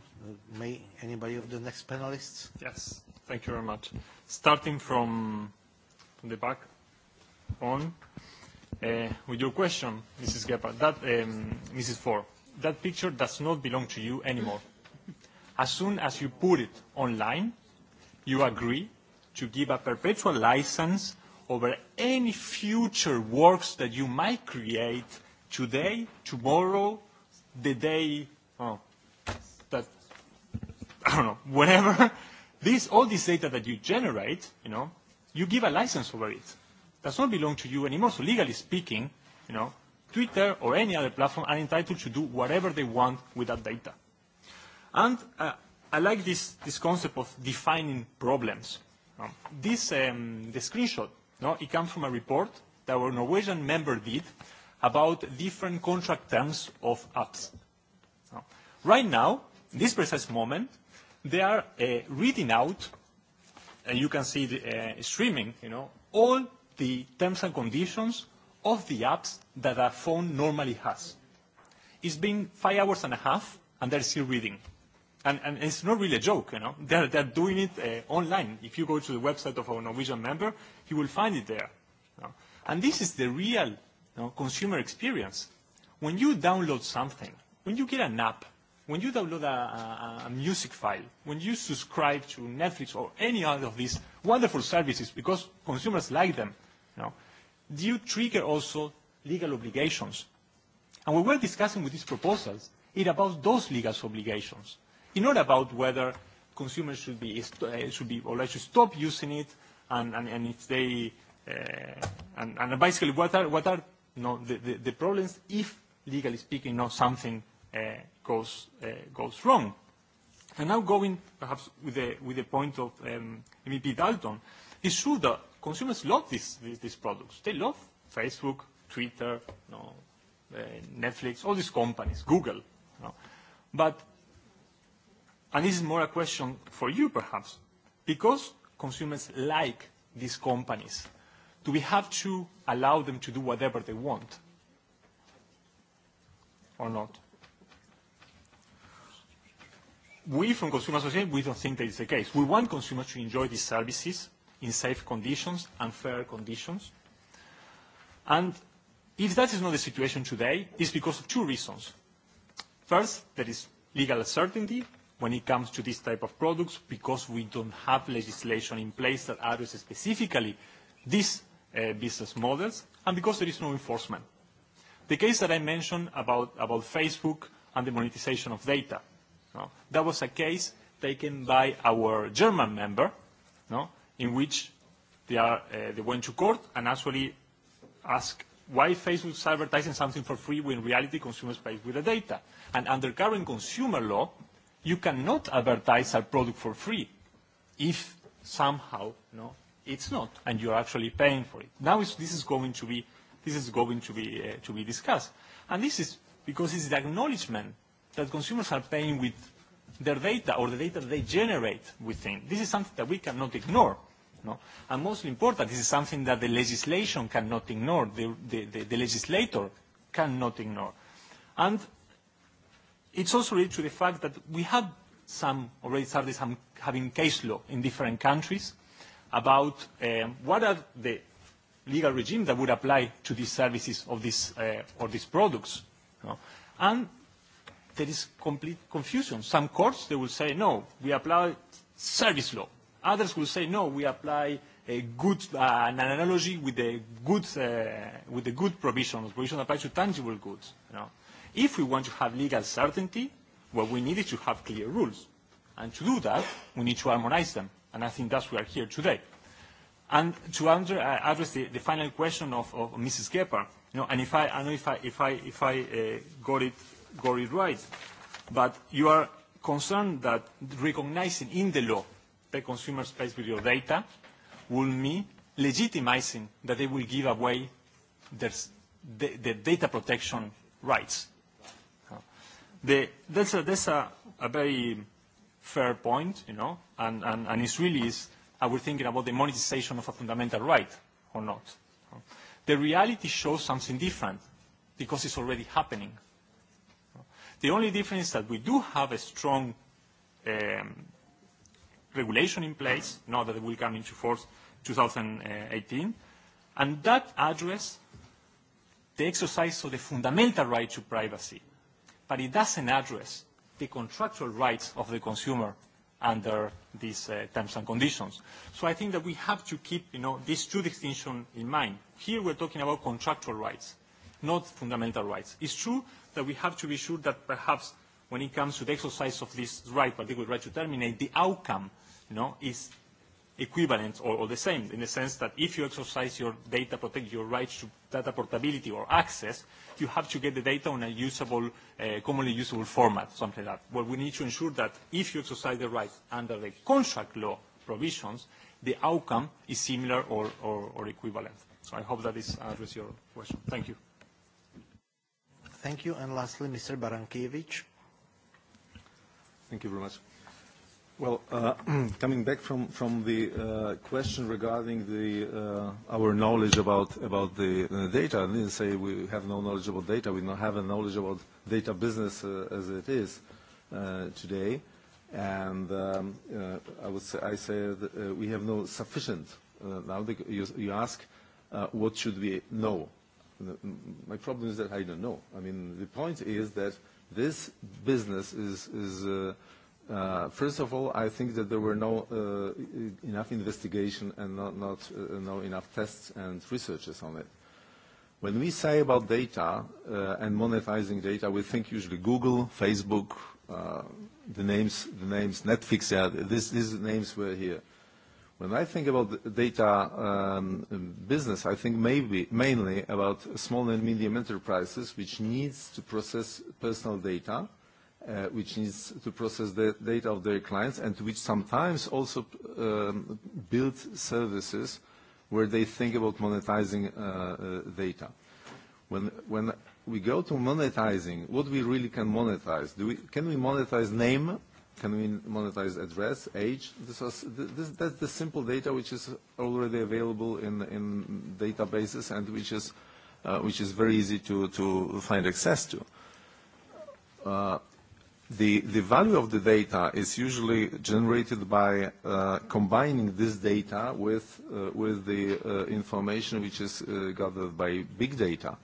Uh, may anybody of the next panelists? Yes, thank you very much. Starting from, from the back on. Uh, with your question, Mrs. Gephardt, that, um, Mrs. Ford, that picture does not belong to you anymore. As soon as you put it online, you agree to give a perpetual license over any future works that you might create today, tomorrow, the day, oh, that, *laughs* I don't know, whenever. *laughs* This, all this data that you generate, you know, you give a license over it does not belong to you anymore. So legally speaking, you know, Twitter or any other platform are entitled to do whatever they want with that data. And uh, I like this, this concept of defining problems. Um, this, um, the screenshot, no, it comes from a report that our Norwegian member did about different contract terms of apps. Now, right now, in this precise moment, they are uh, reading out, and you can see the uh, streaming, you know, all the terms and conditions of the apps that a phone normally has. It's been five hours and a half, and they're still reading. And, and it's not really a joke, you know. They're, they're doing it uh, online. If you go to the website of a Norwegian member, you will find it there. You know? And this is the real you know, consumer experience. When you download something, when you get an app, when you download a, a, a music file, when you subscribe to Netflix or any other of these wonderful services because consumers like them, No. Do you trigger also legal obligations? And we were discussing with these proposals is about those legal obligations. It's not about whether consumers should be, uh, should be or should stop using it, and, and, and if they, uh, and, and basically what are, what are you know, the, the, the problems if, legally speaking, you know, something uh, goes, uh, goes wrong. And now going perhaps with the, with the point of um, MEP Dalton, it's true that consumers love these, these, these products. They love Facebook, Twitter, you know, uh, Netflix, all these companies, Google. You know. But, and this is more a question for you perhaps, because consumers like these companies, do we have to allow them to do whatever they want or not? We from Consumer Association, we don't think that is the case. We want consumers to enjoy these services in safe conditions and fair conditions. And if that is not the situation today, it's because of two reasons. First, there is legal uncertainty when it comes to this type of products because we don't have legislation in place that addresses specifically these uh, business models and because there is no enforcement. The case that I mentioned about, about Facebook and the monetization of data, no? that was a case taken by our German member, no? in which they, are, uh, they went to court and actually asked why Facebook is advertising something for free when in reality consumers pay with the data. And under current consumer law, you cannot advertise a product for free if somehow no, it's not, and you're actually paying for it. Now it's, this is going to be, this is going to be, uh, to be discussed. And this is because it's the acknowledgement that consumers are paying with their data or the data they generate within. This is something that we cannot ignore. No? And most important, this is something that the legislation cannot ignore, the, the, the, the legislator cannot ignore. And it's also related to the fact that we have some, already started some, having case law in different countries about um, what are the legal regime that would apply to these services of this, uh, or these products. No? And there is complete confusion. Some courts, they will say, no, we apply service law. Others will say, no, we apply a good, uh, an analogy with the good, uh, with the good provision. The provision applies to tangible goods. You know? If we want to have legal certainty, what we need is to have clear rules. And to do that, we need to harmonize them. And I think that's why we are here today. And to under, uh, address the, the final question of, of Mrs. Gephardt, you know, and if I, I know if I, if I, if I uh, got it Gori right, but you are concerned that recognizing in the law the consumer space with your data will mean legitimizing that they will give away their, the, the data protection rights. The, that's a, that's a, a very fair point, you know, and, and, and it's really is, are we thinking about the monetization of a fundamental right or not? The reality shows something different because it's already happening. The only difference is that we do have a strong um, regulation in place, now that it will come into force 2018, and that address the exercise of the fundamental right to privacy. But it doesn't address the contractual rights of the consumer under these uh, terms and conditions. So I think that we have to keep you know, these two distinctions in mind. Here we're talking about contractual rights not fundamental rights. It's true that we have to be sure that perhaps when it comes to the exercise of this right, particular right to terminate, the outcome you know, is equivalent or, or the same in the sense that if you exercise your data protect your rights to data portability or access, you have to get the data on a usable, uh, commonly usable format, something like that. Well, we need to ensure that if you exercise the rights under the contract law provisions, the outcome is similar or, or, or equivalent. So I hope that this answers your question. Thank you. Thank you. And lastly, Mr. Barankiewicz. Thank you very much. Well, uh, *clears throat* coming back from, from the uh, question regarding the, uh, our knowledge about, about the uh, data, I didn't say we have no knowledge about data. We now have a knowledge about data business uh, as it is uh, today. And um, I would say, I say that, we have no sufficient. Now you, you ask, what should we know? my problem is that I don't know. I mean, the point is that this business is, is uh, uh, first of all, I think that there were no uh, e, enough investigation and not, not uh, no enough tests and researches on it. When we say about data uh, and monetizing data, we think usually Google, Facebook, uh, the names, the names Netflix. Yeah, this, these names were here. Uh, When I think about data um, business, I think maybe mainly about small and medium enterprises, which needs to process personal data, uh, which needs to process the data of their clients, and which sometimes also um, build services where they think about monetizing uh, uh, data. When, when we go to monetizing, what we really can monetize? Do we, can we monetize name Can we monetize address, age? This was, this, that's the simple data which is already available in, in databases and which is, uh, which is very easy to, to find access to. Uh, the, the value of the data is usually generated by uh, combining this data with, uh, with the uh, information which is uh, gathered by big data. Uh,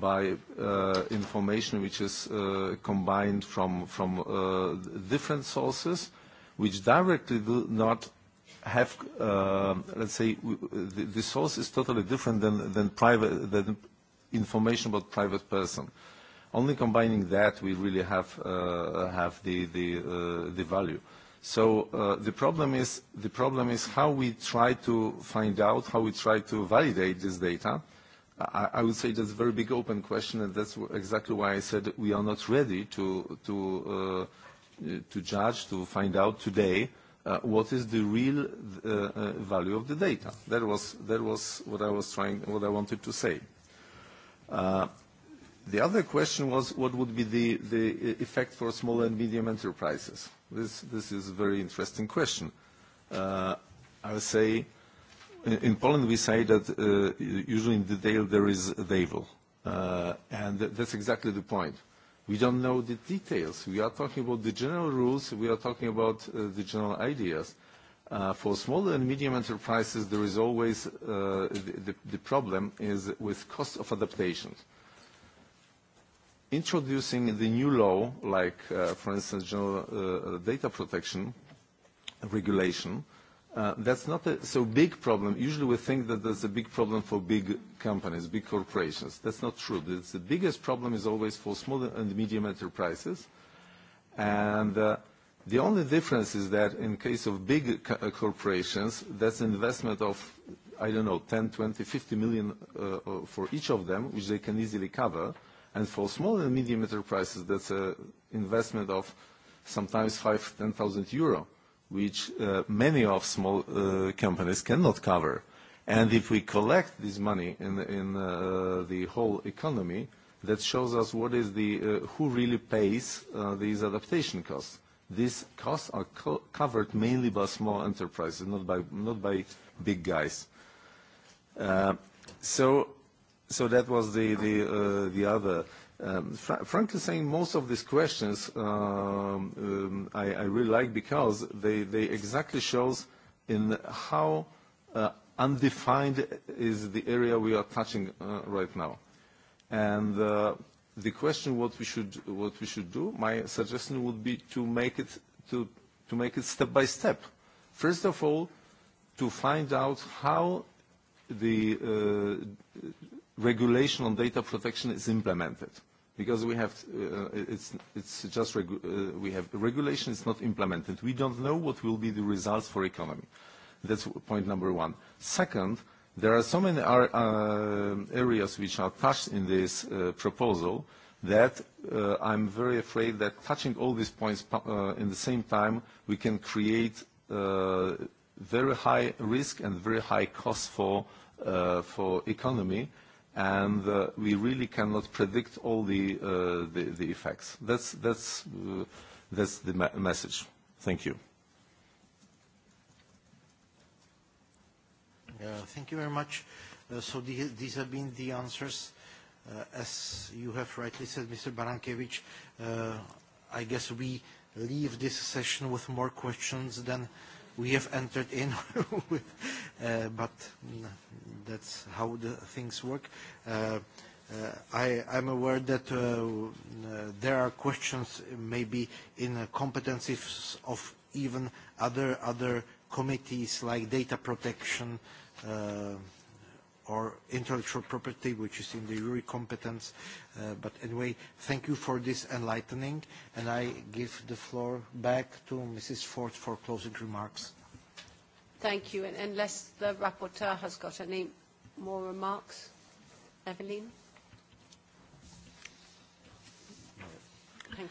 by uh, information which is uh, combined from, from uh, different sources, which directly do not have, uh, let's say, the, the source is totally different than, than, private, than information about private person. Only combining that, we really have, uh, have the, the, uh, the value. So uh, the problem is the problem is how we try to find out, how we try to validate this data, I, I would say that's a very big open question, and that's exactly why I said we are not ready to, to, uh, to judge, to find out today uh, what is the real uh, uh value of the data. That was, that was what I was trying, what I wanted to say. Uh, the other question was what would be the, the effect for small and medium enterprises? This, this is a very interesting question. Uh, I would say in Poland we say that uh, usually in detail there is devil, uh, and that's exactly the point. We don't know the details. We are talking about the general rules. We are talking about uh, the general ideas. Uh, for small and medium enterprises, there is always uh, the, the problem is with cost of adaptation. Introducing the new law, like uh, for instance, general uh, data protection regulation, uh, Uh, that's not a so big problem. Usually we think that there's a big problem for big companies, big corporations. That's not true. It's the biggest problem is always for small and medium enterprises. And uh, the only difference is that in case of big co uh, corporations, that's investment of, I don't know, 10, 20, 50 million uh, uh, for each of them, which they can easily cover. And for small and medium enterprises, that's an investment of sometimes 5,000, 10,000 euro which uh, many of small uh, companies cannot cover. And if we collect this money in, in uh, the whole economy, that shows us what is the, uh, who really pays uh, these adaptation costs. These costs are co covered mainly by small enterprises, not by, not by big guys. Uh, so, so that was the, the, uh, the other. Uh, Um, fr frankly saying, most of these questions um, um, I, I really like because they, they exactly shows in how uh, undefined is the area we are touching uh, right now. And uh, the question what we should what we should do, my suggestion would be to make it to to make it step by step. First of all, to find out how the uh, regulation on data protection is implemented. Because we have, uh, uh, it's, it's just regu uh, we have regulation is not implemented. We don't know what will be the results for economy. That's point number one. Second, there are so many ar uh, areas which are touched in this uh, proposal that uh, I'm very afraid that touching all these points uh, in the same time, we can create uh, very high risk and very high cost for, uh, for economy, uh, and uh, we really cannot predict all the, uh, the, the effects. That's, that's, uh, that's the me message. Thank you. Yeah, thank you very much. Uh, so the, these have been the answers. Uh, as you have rightly said, Mr. Barankiewicz, uh, I guess we leave this session with more questions than uh, we have entered in *laughs* with, uh, but that's how the things work. Uh, uh, I, I'm aware that uh, uh, there are questions maybe in uh, competencies of even other other committees like data protection, uh, or intellectual property, which is in the jury competence. Uh, but anyway, thank you for this enlightening, and I give the floor back to Mrs. Ford for closing remarks. Thank you. And unless the rapporteur has got any more remarks, Evelyn? Thank you.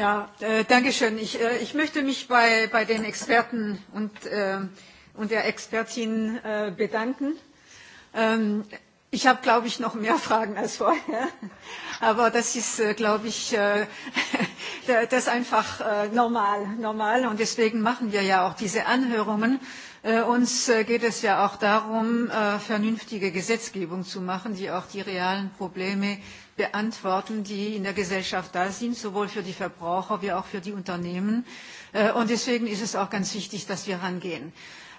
Ja, äh, danke schön. Ich, äh, ich möchte mich bei, bei den Experten und, äh, und der Expertin äh, bedanken. Äh, Ähm, ich habe, glaube ich, noch mehr *laughs* Fragen als vorher. Aber das ist, äh, glaube ich, äh, *laughs* das ist einfach äh, normal, normal. Und deswegen machen wir ja auch diese Anhörungen. Äh, uns äh, geht es ja auch darum, äh, vernünftige Gesetzgebung zu machen, die auch die realen Probleme beantworten, die in der Gesellschaft da sind, sowohl für die Verbraucher wie auch für die Unternehmen. Und deswegen ist es auch ganz wichtig, dass wir rangehen.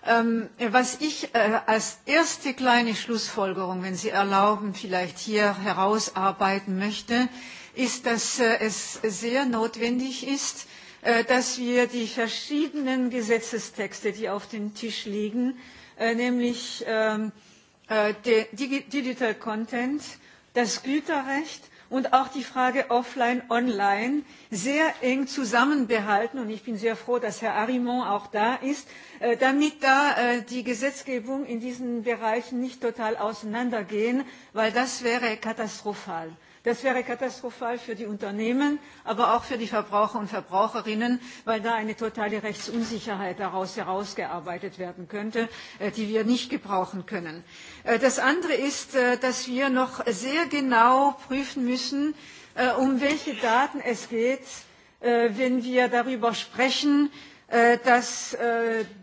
Ähm, was ich äh, als erste kleine Schlussfolgerung, wenn Sie erlauben, vielleicht hier herausarbeiten möchte, ist, dass äh, es sehr notwendig ist, äh, dass wir die verschiedenen Gesetzestexte, die auf dem Tisch liegen, äh, nämlich ähm, äh, der Digital Content, das Güterrecht und auch die Frage offline, online sehr eng zusammenbehalten. Und ich bin sehr froh, dass Herr Arimont auch da ist, äh, damit da äh, die Gesetzgebung in diesen Bereichen nicht total auseinandergehen, weil das wäre katastrophal. Das wäre katastrophal für die Unternehmen, aber auch für die Verbraucher und Verbraucherinnen, weil da eine totale Rechtsunsicherheit daraus herausgearbeitet werden könnte, äh, die wir nicht gebrauchen können. Äh, das andere ist, äh, dass wir noch sehr genau prüfen müssen, um welche Daten es geht, wenn wir darüber sprechen, dass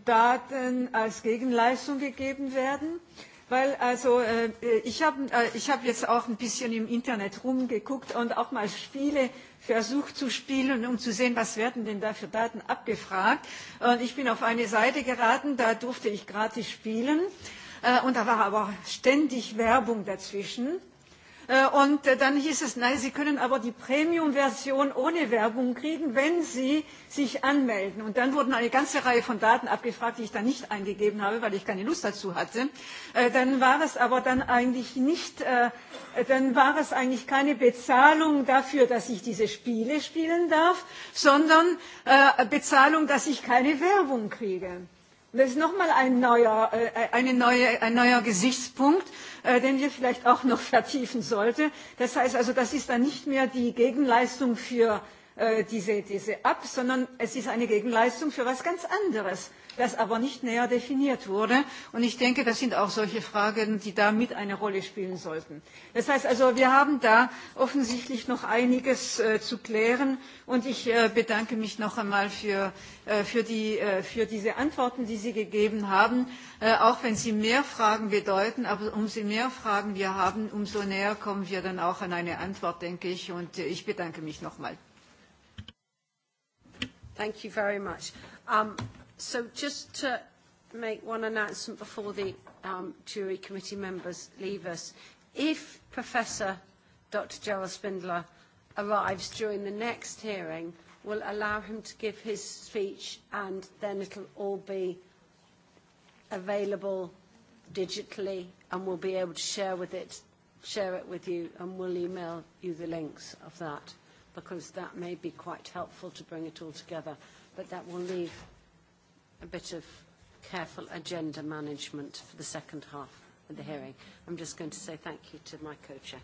Daten als Gegenleistung gegeben werden. Äh, Weil also äh, ich habe äh, ich hab jetzt auch ein bisschen im Internet rumgeguckt und auch mal Spiele versucht zu spielen, um zu sehen, was werden denn da für Daten abgefragt. Und ich bin auf eine Seite geraten, da durfte ich gratis spielen. Äh, und da war aber ständig Werbung dazwischen Äh, und äh, dann hieß es, nein, Sie können aber die Premium-Version ohne Werbung kriegen, wenn Sie sich anmelden. Und dann wurden eine ganze Reihe von Daten abgefragt, die ich dann nicht eingegeben habe, weil ich keine Lust dazu hatte. Äh, dann war es aber dann eigentlich nicht, dann war es eigentlich keine Bezahlung dafür, dass ich diese Spiele spielen darf, sondern Bezahlung, dass ich keine Werbung kriege. Und das ist nochmal ein neuer, eine neue, ein neuer Gesichtspunkt. Äh, äh, den wir vielleicht auch noch *laughs* vertiefen sollten. Das heißt also, das ist dann nicht mehr die Gegenleistung für äh, diese, diese ab, sondern es ist eine Gegenleistung für was ganz anderes, das aber nicht näher definiert wurde. Und ich denke, das sind auch solche Fragen, die da mit eine Rolle spielen sollten. Das heißt also, wir haben da offensichtlich noch einiges äh, zu klären. Und ich äh, bedanke mich noch einmal für, äh, für, die, äh, für diese Antworten, die Sie gegeben haben, äh, auch wenn sie mehr Fragen bedeuten. Aber umso mehr Fragen wir haben, umso näher kommen wir dann auch an eine Antwort, denke ich. Und äh, ich bedanke mich nochmal. Thank you very much. Um, so just to make one announcement before the um, jury committee members leave us. If Professor Dr. Gerald Spindler arrives during the next hearing, we'll allow him to give his speech and then it'll all be available digitally and we'll be able to share with it, share it with you and we'll email you the links of that because that may be quite helpful to bring it all together. But that will leave a bit of careful agenda management for the second half of the hearing. I'm just going to say thank you to my co-chair.